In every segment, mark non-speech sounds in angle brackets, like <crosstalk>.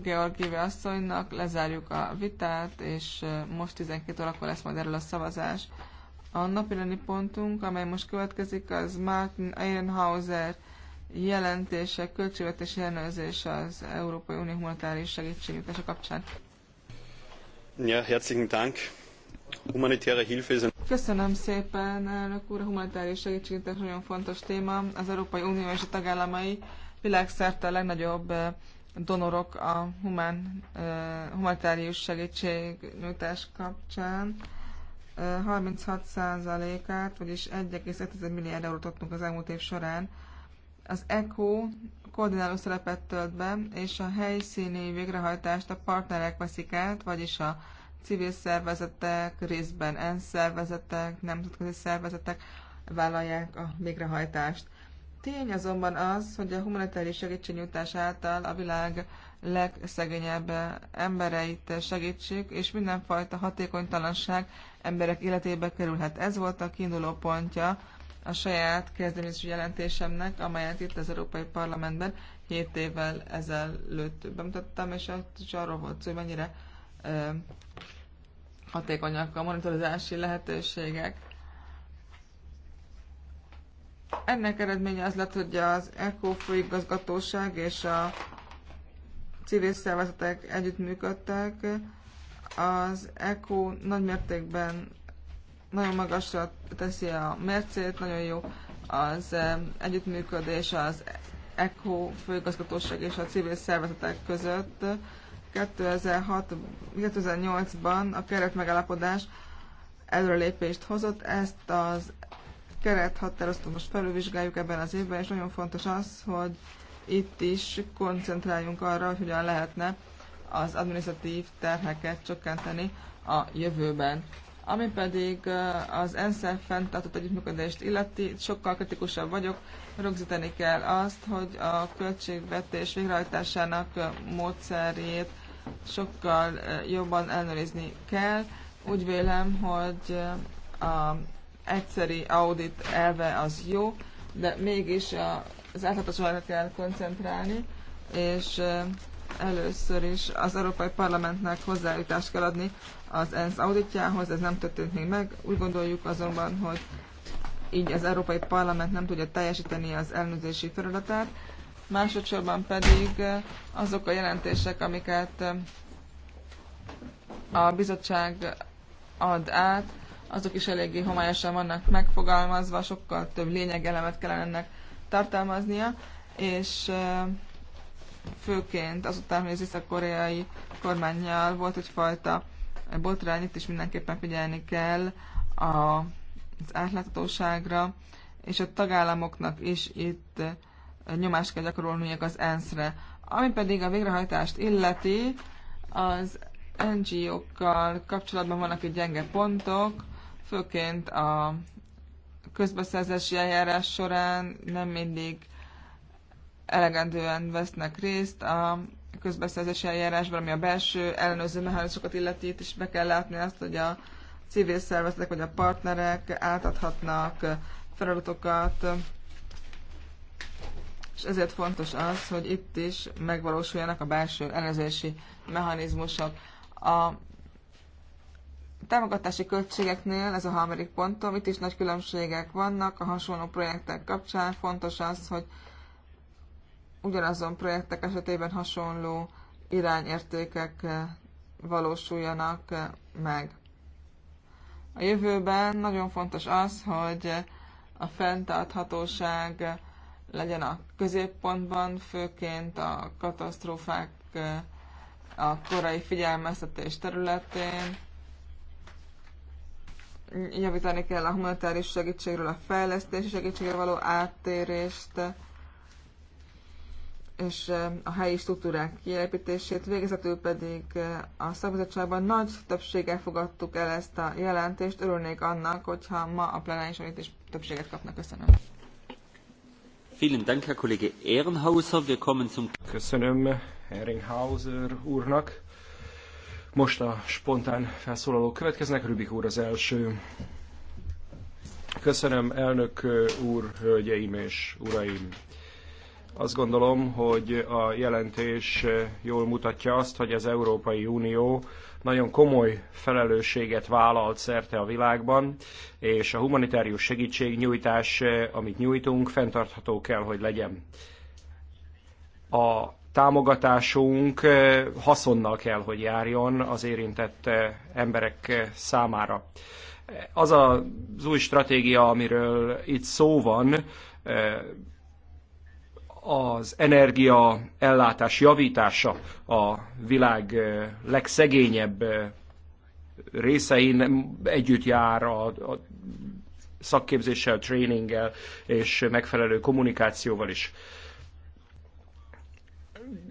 Georgieve asszonynak, lezárjuk a vitát, és most 12 órakor lesz majd erről a szavazás. A napirani pontunk, amely most következik, az Martin Ehrenhauser jelentése, költségvetési ellenőrzése az Európai Unió humanitárius segítségnyújtása kapcsán. Ja, herzlichen Dank. Humanitäre Hilfe ist Köszönöm szépen, elnök úr, a humanitárius segítségnyújtás nagyon fontos téma. Az Európai Unió és a tagállamai világszerte a legnagyobb donorok a humán, humanitárius segítségnyújtás kapcsán. 36%-át, vagyis 1,1 milliárd eurót adtunk az elmúlt év során. Az ECHO koordináló szerepet tölt be, és a helyszíni végrehajtást a partnerek veszik át, vagyis a civil szervezetek, részben ENSZ szervezetek, nemzetközi szervezetek vállalják a végrehajtást. Tény azonban az, hogy a humanitárius segítségnyújtás által a világ legszegényebb embereit segítsük, és mindenfajta hatékonytalanság emberek életébe kerülhet. Ez volt a kiinduló pontja a saját kezdeményező jelentésemnek, amelyet itt az Európai Parlamentben 7 évvel ezelőtt bemutattam, és, arról volt szó, hogy mennyire hatékonyak a monitorozási lehetőségek ennek eredménye az lett, hogy az ECO főigazgatóság és a civil szervezetek együttműködtek. Az ECO nagymértékben nagyon magasra teszi a mércét, nagyon jó az eh, együttműködés az ECO főigazgatóság és a civil szervezetek között 2006, 2008-ban a keretmegállapodás előrelépést hozott, ezt az kerethatározatot most felülvizsgáljuk ebben az évben, és nagyon fontos az, hogy itt is koncentráljunk arra, hogy hogyan lehetne az administratív terheket csökkenteni a jövőben. Ami pedig eh, az ensz fenntartott együttműködést illeti, sokkal kritikusabb vagyok, rögzíteni kell azt, hogy a költségvetés végrehajtásának eh, módszerét sokkal eh, jobban ellenőrizni kell. Úgy vélem, hogy a egyszeri audit elve az jó, de mégis a, az átláthatóságra kell koncentrálni, és először is az Európai Parlamentnek hozzájutást kell adni az ENSZ auditjához, ez nem történt még meg. Úgy gondoljuk azonban, hogy így az Európai Parlament nem tudja teljesíteni az elnőzési feladatát. Másodszorban pedig azok a jelentések, amiket a bizottság ad át, azok is eléggé homályosan vannak megfogalmazva, sokkal több lényegelemet kellene ennek tartalmaznia, és főként azután, hogy az észak-koreai kormányjal volt egyfajta botrány, itt is mindenképpen figyelni kell a, az átláthatóságra, és a tagállamoknak is itt nyomást kell gyakorolniuk az ENSZ-re. Ami pedig a végrehajtást illeti, az NGO-kkal kapcsolatban vannak egy gyenge pontok, főként a közbeszerzési eljárás során nem mindig elegendően vesznek részt a közbeszerzési eljárásban, ami a belső ellenőrző mechanizmusokat illeti, itt is be kell látni azt, hogy a civil szervezetek vagy a partnerek átadhatnak feladatokat, és ezért fontos az, hogy itt is megvalósuljanak a belső ellenőrzési mechanizmusok. A támogatási költségeknél, ez a harmadik pontom, itt is nagy különbségek vannak a hasonló projektek kapcsán. Fontos az, hogy ugyanazon projektek esetében hasonló irányértékek eh, valósuljanak eh, meg. A jövőben nagyon fontos az, hogy eh, a fenntarthatóság legyen a középpontban, főként a katasztrófák a korai figyelmeztetés területén, javítani kell a humanitáris segítségről a fejlesztési segítségre való áttérést, és a helyi struktúrák kiépítését, végezetül pedig a szakbizottságban nagy többséggel fogadtuk el ezt a jelentést. Örülnék annak, hogyha ma a plenáris itt is többséget kapnak. Köszönöm. Vielen Dank, Herr Kollege Ehrenhauser. Wir kommen zum... Köszönöm Ehrenhauser úrnak. Most a spontán felszólalók következnek. Rubik úr az első. Köszönöm, elnök úr, hölgyeim és uraim. Azt gondolom, hogy a jelentés jól mutatja azt, hogy az Európai Unió nagyon komoly felelősséget vállalt szerte a világban, és a humanitárius segítségnyújtás, amit nyújtunk, fenntartható kell, hogy legyen. A támogatásunk haszonnal kell, hogy járjon az érintett emberek számára. Az az új stratégia, amiről itt szó van, az energia ellátás javítása a világ legszegényebb részein együtt jár a, a szakképzéssel, tréninggel és megfelelő kommunikációval is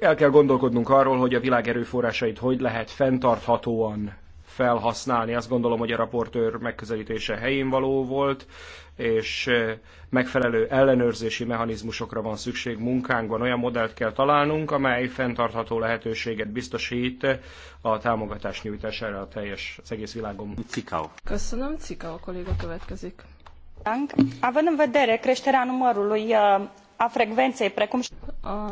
el kell gondolkodnunk arról, hogy a világ erőforrásait hogy lehet fenntarthatóan felhasználni. Azt gondolom, hogy a raportőr megközelítése helyén való volt, és eh, megfelelő ellenőrzési mechanizmusokra van szükség munkánkban. Olyan modellt kell találnunk, amely fenntartható lehetőséget biztosít eh, a támogatás nyújtására a teljes, az egész világon. Cikau. Köszönöm, Cikau kolléga következik. Având în vedere creșterea numărului eh, a frecvenței precum a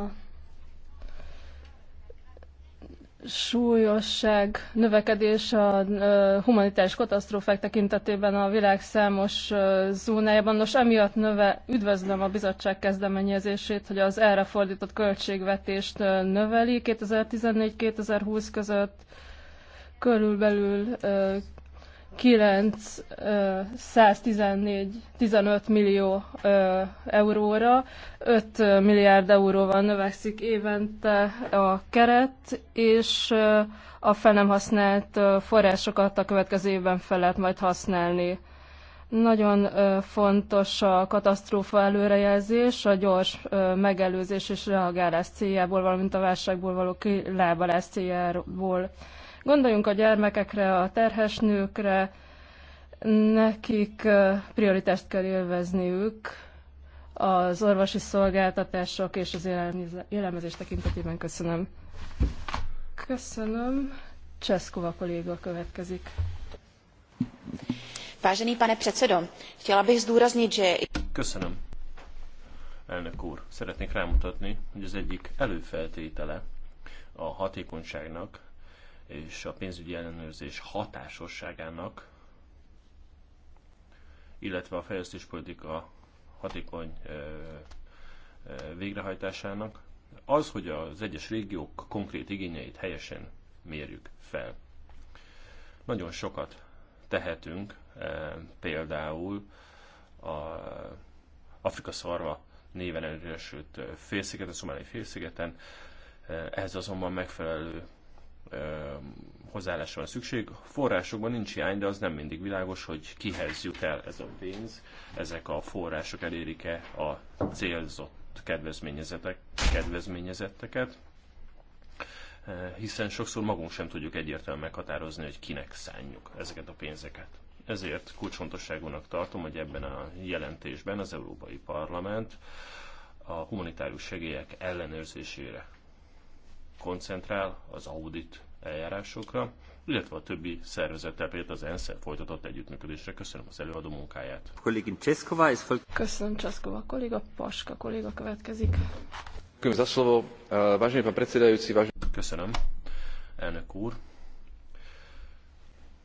súlyosság növekedés a humanitárius katasztrófák tekintetében a világ számos zónájában. Nos, emiatt növe, üdvözlöm a bizottság kezdeményezését, hogy az erre fordított költségvetést növeli 2014-2020 között körülbelül 914-15 millió euróra, 5 milliárd euróval növekszik évente a keret, és a fel nem használt forrásokat a következő évben fel lehet majd használni. Nagyon fontos a katasztrófa előrejelzés, a gyors megelőzés és reagálás céljából, valamint a válságból való kilábalás céljából. Gondoljunk a gyermekekre, a terhes nőkre, nekik prioritást kell élvezniük az orvosi szolgáltatások és az élelmezés tekintetében. Köszönöm. Köszönöm. Cseszkova kolléga következik. Vážený pane předsedo, chtěla bych zdůraznit, že... Köszönöm. Elnök úr, szeretnék rámutatni, hogy az egyik előfeltétele a hatékonyságnak és a pénzügyi ellenőrzés hatásosságának, illetve a fejlesztéspolitika hatékony végrehajtásának, az, hogy az egyes régiók konkrét igényeit helyesen mérjük fel. Nagyon sokat tehetünk, például a Afrika szarva néven elősült félszigeten, szomáliai félszigeten, ehhez azonban megfelelő hozzáállásra van szükség. Forrásokban nincs hiány, de az nem mindig világos, hogy kihez jut el ez a pénz, ezek a források elérik-e a célzott kedvezményezetek, kedvezményezetteket, hiszen sokszor magunk sem tudjuk egyértelműen meghatározni, hogy kinek szánjuk ezeket a pénzeket. Ezért kulcsfontosságúnak tartom, hogy ebben a jelentésben az Európai Parlament a humanitárius segélyek ellenőrzésére koncentrál az audit eljárásokra, illetve a többi szervezettel, például az ensz folytatott együttműködésre. Köszönöm az előadó munkáját. Köszönöm Cseszkova kolléga, Paska kolléga következik. Köszönöm za slovo. E, vážený pán predsedajúci, Köszönöm, elnök úr.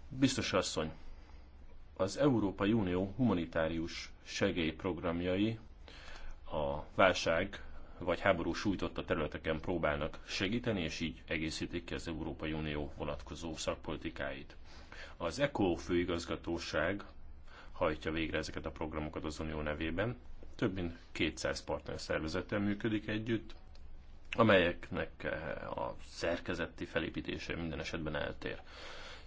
Biztos asszony, az Európai Unió humanitárius segélyprogramjai a válság vagy háború sújtotta területeken próbálnak segíteni, és így egészítik ki az Európai Unió vonatkozó szakpolitikáit. Az ECO főigazgatóság hajtja végre ezeket a programokat az Unió nevében. Több mint 200 szervezettel működik együtt, amelyeknek eh, a szerkezeti felépítése minden esetben eltér.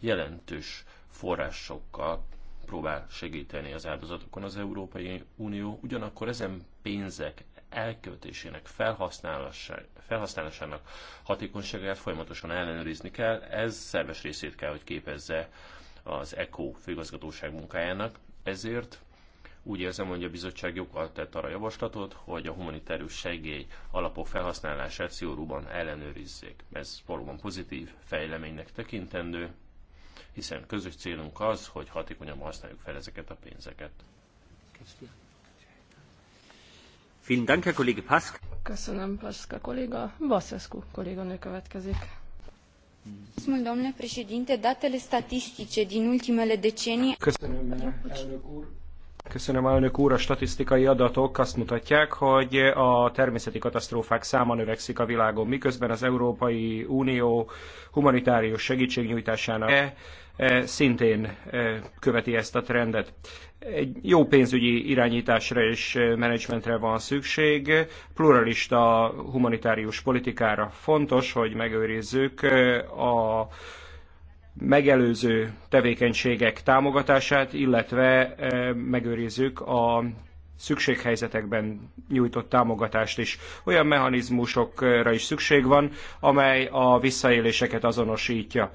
Jelentős forrásokkal próbál segíteni az áldozatokon az Európai Unió, ugyanakkor ezen pénzek elkövetésének felhasználásának hatékonyságát folyamatosan ellenőrizni kell. Ez szerves részét kell, hogy képezze az ECO főigazgatóság munkájának. Ezért úgy érzem, hogy a bizottság joggal tett arra javaslatot, hogy a humanitárius segély alapok felhasználását szigorúban ellenőrizzék. Ez valóban pozitív fejleménynek tekintendő, hiszen közös célunk az, hogy hatékonyan használjuk fel ezeket a pénzeket. Köszönöm. Köszönöm, Paszka kolléga. Basescu kolléganő következik. Domnule președinte, datele statistice din ultimele decenii... Köszönöm, elnök úr. Köszönöm, elnök úr. A statisztikai adatok azt mutatják, hogy a természeti katasztrófák száma növekszik a világon, miközben az Európai Unió humanitárius segítségnyújtásának e, e, szintén e, követi ezt a trendet. Egy jó pénzügyi irányításra és menedzsmentre van szükség, pluralista humanitárius politikára fontos, hogy megőrizzük a megelőző tevékenységek támogatását, illetve eh, megőrizzük a szükséghelyzetekben nyújtott támogatást is. Olyan mechanizmusokra is szükség van, amely a visszaéléseket azonosítja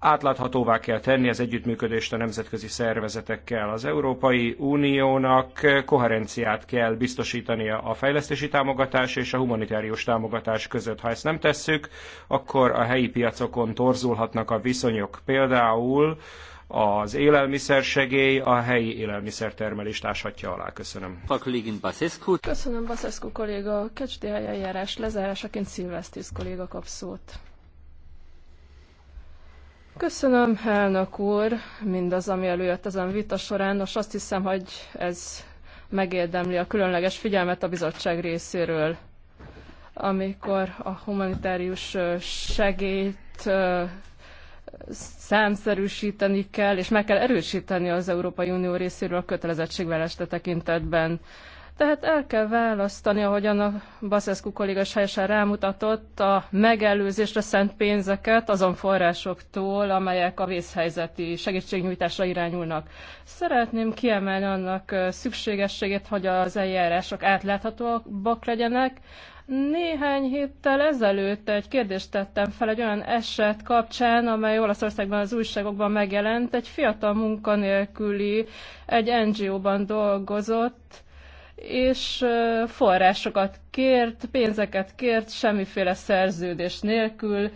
átláthatóvá kell tenni az együttműködést a nemzetközi szervezetekkel. Az Európai Uniónak koherenciát kell biztosítania a fejlesztési támogatás és a humanitárius támogatás között. Ha ezt nem tesszük, akkor a helyi piacokon torzulhatnak a viszonyok. Például az élelmiszersegély a helyi élelmiszertermelést áshatja alá. Köszönöm. Köszönöm, Baszeszku kolléga. Kecsdi eljárás lezárásaként Szilvesztis kolléga kap szót. Köszönöm, elnök úr, mindaz, ami előjött ezen vita során. Nos, azt hiszem, hogy ez megérdemli a különleges figyelmet a bizottság részéről, amikor a humanitárius segélyt számszerűsíteni kell, és meg kell erősíteni az Európai Unió részéről a kötelezettségvállalást tekintetben. Tehát el kell választani, ahogyan a Baszeszku kolléga helyesen rámutatott, a megelőzésre szent pénzeket azon forrásoktól, amelyek a vészhelyzeti segítségnyújtásra irányulnak. Szeretném kiemelni annak szükségességét, hogy az eljárások átláthatóbbak legyenek, néhány héttel ezelőtt egy kérdést tettem fel egy olyan eset kapcsán, amely Olaszországban az újságokban megjelent. Egy fiatal munkanélküli egy NGO-ban dolgozott, és forrásokat kért, pénzeket kért, semmiféle szerződés nélkül,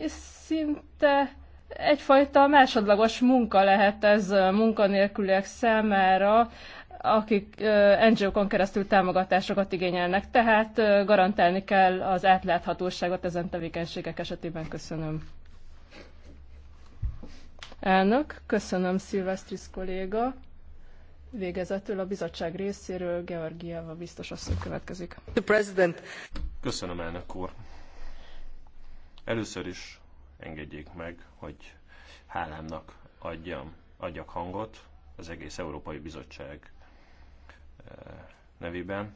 és szinte egyfajta másodlagos munka lehet ez munkanélküliek számára, akik NGO-kon keresztül támogatásokat igényelnek. Tehát garantálni kell az átláthatóságot ezen tevékenységek esetében. Köszönöm. Elnök, köszönöm Szilvesztris kolléga. Végezetül a bizottság részéről Georgieva biztos asszony következik. The President. Köszönöm, elnök úr. Először is engedjék meg, hogy hálámnak adjam, adjak hangot az egész Európai Bizottság eh, nevében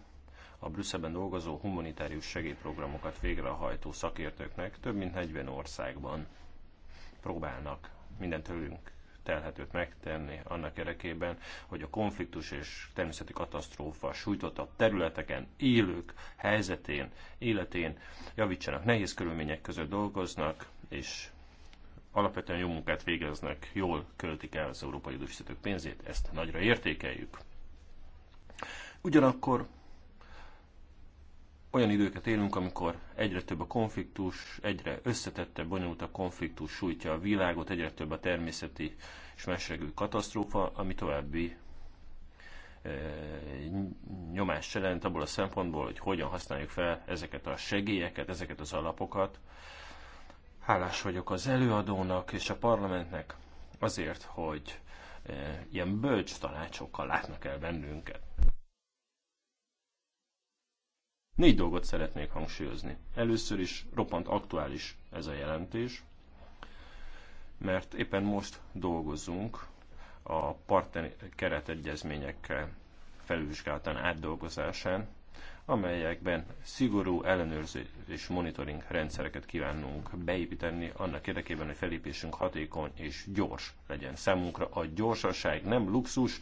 a Brüsszelben dolgozó humanitárius segélyprogramokat végrehajtó szakértőknek több mint 40 országban próbálnak minden tőlünk telhetőt megtenni annak érdekében, hogy a konfliktus és természeti katasztrófa sújtotta területeken élők helyzetén, életén javítsanak, nehéz körülmények között dolgoznak, és alapvetően jó munkát végeznek, jól költik el az európai adófizetők pénzét, ezt nagyra értékeljük. Ugyanakkor olyan időket élünk, amikor egyre több a konfliktus, egyre összetettebb, bonyolultabb konfliktus sújtja a világot, egyre több a természeti és mesregő katasztrófa, ami további e, nyomást jelent abból a szempontból, hogy hogyan használjuk fel ezeket a segélyeket, ezeket az alapokat. Hálás vagyok az előadónak és a parlamentnek azért, hogy e, ilyen bölcs tanácsokkal látnak el bennünket. Négy dolgot szeretnék hangsúlyozni. Először is roppant aktuális ez a jelentés, mert éppen most dolgozunk a partner keretegyezményekkel felülvizsgálatán átdolgozásán, amelyekben szigorú ellenőrzés és monitoring rendszereket kívánunk beépíteni annak érdekében, hogy felépésünk hatékony és gyors legyen. Számunkra a gyorsaság nem luxus,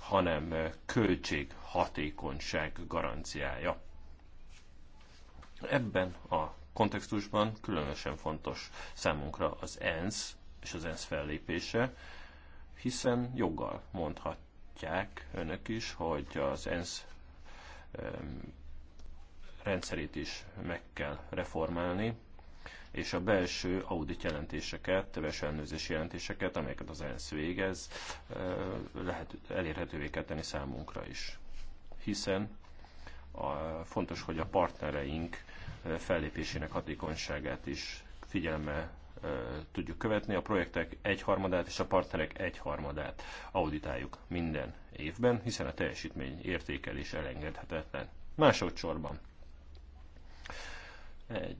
hanem költség hatékonyság garanciája. Ebben a kontextusban különösen fontos számunkra az ENSZ és az ENSZ fellépése, hiszen joggal mondhatják önök is, hogy az ENSZ rendszerét is meg kell reformálni, és a belső audit jelentéseket, belső ellenőrzési jelentéseket, amelyeket az ENSZ végez, lehet, elérhetővé kell tenni számunkra is. Hiszen a, fontos, hogy a partnereink fellépésének hatékonyságát is figyelme tudjuk követni. A projektek egyharmadát és a partnerek egyharmadát auditáljuk minden évben, hiszen a teljesítmény értékelés elengedhetetlen. Másodszorban egy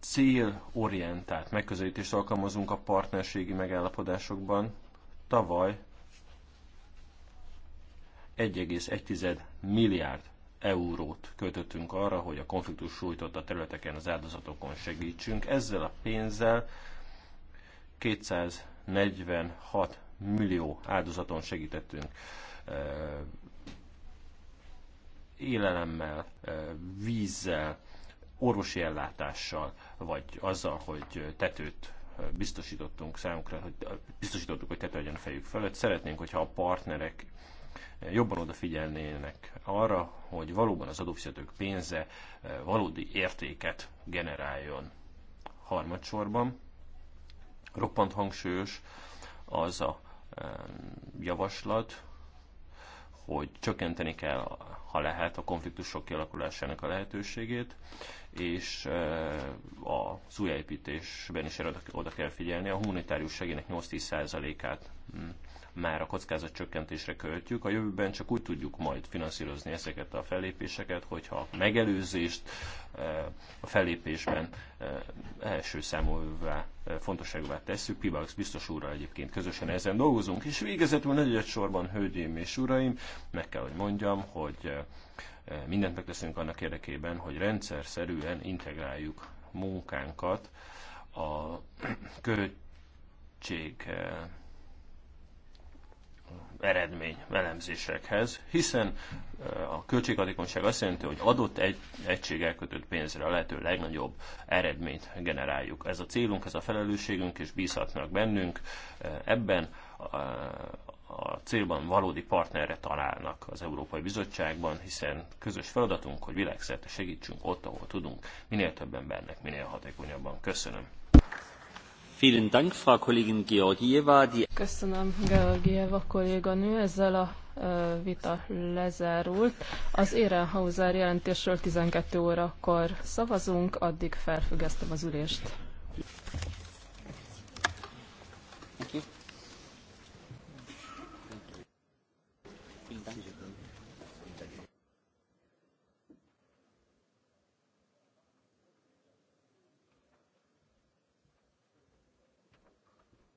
célorientált megközelítést alkalmazunk a partnerségi megállapodásokban. Tavaly 1,1 milliárd eurót költöttünk arra, hogy a konfliktus sújtotta területeken az áldozatokon segítsünk. Ezzel a pénzzel 246 millió áldozaton segítettünk élelemmel, vízzel, orvosi ellátással, vagy azzal, hogy tetőt biztosítottunk számukra, hogy biztosítottuk, hogy tető legyen a fejük fölött. Szeretnénk, hogyha a partnerek jobban odafigyelnének arra, hogy valóban az adófizetők pénze eh, valódi értéket generáljon. Harmadsorban roppant hangsúlyos az a eh, javaslat, hogy csökkenteni kell ha lehet, a konfliktusok kialakulásának a lehetőségét, és az újjáépítésben is erre oda kell figyelni. A humanitárius segének 8-10%-át hm, már a kockázat csökkentésre költjük. A jövőben csak úgy tudjuk majd finanszírozni ezeket a fellépéseket, hogyha a megelőzést a fellépésben első számúvá fontosságúvá tesszük. Pibax biztos úrral egyébként közösen ezen dolgozunk, és végezetül negyed sorban, hölgyeim és uraim, meg kell, hogy mondjam, hogy eh, mindent megteszünk annak érdekében, hogy rendszer szerűen integráljuk munkánkat a <clears throat> költség eh, eredmény elemzésekhez, hiszen a költséghatékonyság azt jelenti, hogy adott egy egység elkötött pénzre a lehető legnagyobb eredményt generáljuk. Ez a célunk, ez a felelősségünk, és bízhatnak bennünk ebben a célban valódi partnerre találnak az Európai Bizottságban, hiszen közös feladatunk, hogy világszerte segítsünk ott, ahol tudunk, minél több embernek, minél hatékonyabban. Köszönöm. Köszönöm, Georgieva kolléganő. Ezzel a vita lezárult. Az Ehrenhauser jelentésről 12 órakor szavazunk, addig felfüggesztem az ülést.